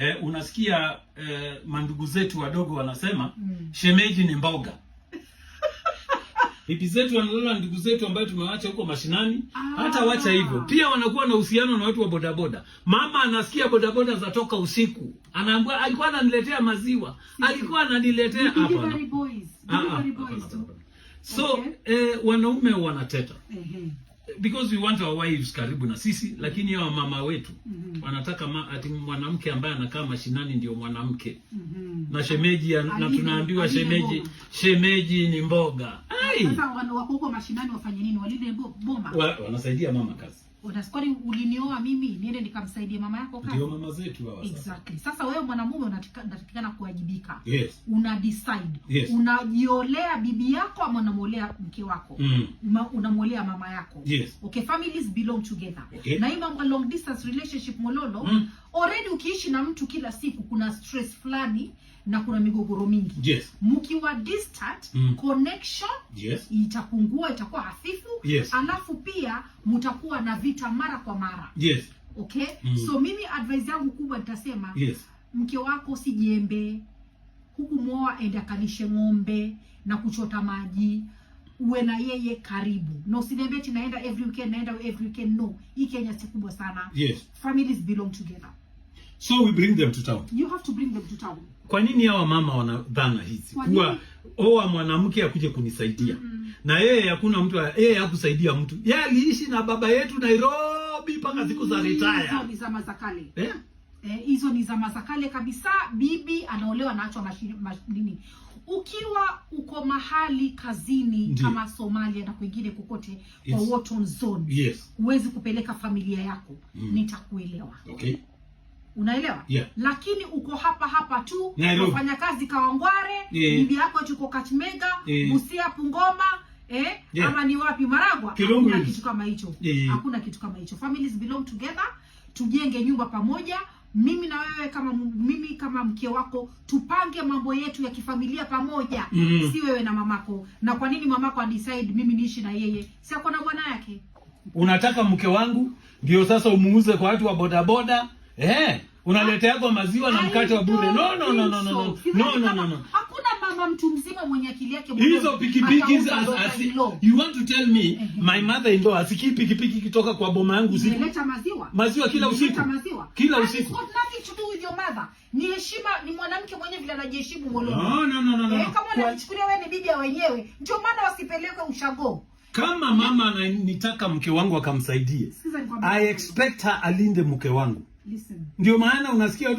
eh, unasikia eh, mandugu zetu wadogo wanasema mm. shemeji ni mboga bibi zetu wanalola ndugu zetu ambayo tumewacha huko mashinani. Ah, hata wacha hivyo pia wanakuwa na uhusiano na watu wa bodaboda. Mama anasikia bodaboda zatoka usiku, anaambia alikuwa ananiletea maziwa, alikuwa ananiletea hapa. Ah, ah, so okay. Eh, wanaume wanateta. uh -huh because we want our wives karibu na sisi, lakini hawa mama wetu mm -hmm. wanataka ma, ati mwanamke ambaye anakaa mashinani ndio mwanamke mm -hmm. na shemeji ya, na tunaambiwa shemeji mboga. shemeji ni mboga. Ai, sasa wako mashinani wafanye nini? Walinde boma, wanasaidia mama kazi Unasikia ulinioa mimi niende nikamsaidia mama yako kazi. Ndio mama zetu hawa sasa. Exactly. Sasa wewe mwanamume unatakikana kuwajibika. Yes. Una decide. Yes. Unajiolea bibi yako ama unamuolea mke wako? Mm. Unamuolea mama yako. Yes. Okay, families belong together. Okay. Na hii mambo long distance relationship mololo mm already ukiishi na mtu kila siku kuna stress fulani na kuna migogoro mingi yes. Mkiwa distant mm. connection yes. itapungua, itakuwa hafifu yes. Alafu pia mtakuwa na vita mara kwa mara yes. Okay mm. So mimi advice yangu kubwa nitasema yes. Mke wako si jembe, hukumwoa ende akalishe ng'ombe na kuchota maji uwe na yeye karibu, na usiniambie ati naenda every weekend, naenda every weekend. No, hii Kenya si kubwa sana yes. Families belong together. So we bring them to town. You have to bring them to town. Kwa nini hawa mama wana dhana hizi? Kuwa oa mwanamke akuje kunisaidia. Mm -hmm. Na yeye hakuna mtu yeye hakusaidia mtu. ya aliishi na baba yetu Nairobi mpaka siku za mm, retire. Hizo ni zama za kale. Eh? eh? Hizo ni zama za kale kabisa. Bibi anaolewa na achwa mashinini. Ukiwa uko mahali kazini Ndi. kama Somalia na kwingine kokote kwa war Zone. Yes. Huwezi kupeleka familia yako. Mm. Nitakuelewa. Okay. Unaelewa? Yeah. Lakini uko hapa hapa tu unafanya kazi Kawangware, yeah. bibi yako yuko Kakamega, yeah. Busia, pungoma eh yeah. ama ni wapi Maragwa? Hakuna kitu kama hicho. Yeah. Hakuna kitu kama hicho. Families belong together, tujenge nyumba pamoja. Mimi na wewe kama mimi kama mke wako tupange mambo yetu ya kifamilia pamoja. Mm. Si wewe na mamako. Na kwa nini mamako adecide mimi niishi na yeye? Si akona bwana yake. Unataka mke wangu ndio sasa umuuze kwa watu wa bodaboda? Eh, unaleteagwa ah, maziwa na mkate wa bure? No, no, no, no, no, no, no, no, no. no. Hakuna mama mtu mzima mwenye akili yake. Hizo pikipiki za you want to tell me eh, eh, eh. my mother in law asiki pikipiki kitoka kwa boma yangu usiku. Unaleta maziwa. Maziwa kila usiku. Kila usiku. What nothing to do with your mother. Ni heshima, ni mwanamke mwenye vile anajiheshimu mwolo. No, no, no, no, no. Eh, kama unachukulia wewe ni bibi ya wenyewe, ndio maana wasipeleke ushago. Kama mama ananitaka mke wangu akamsaidie. I expect her alinde mke wangu. Ndio maana unasikia watu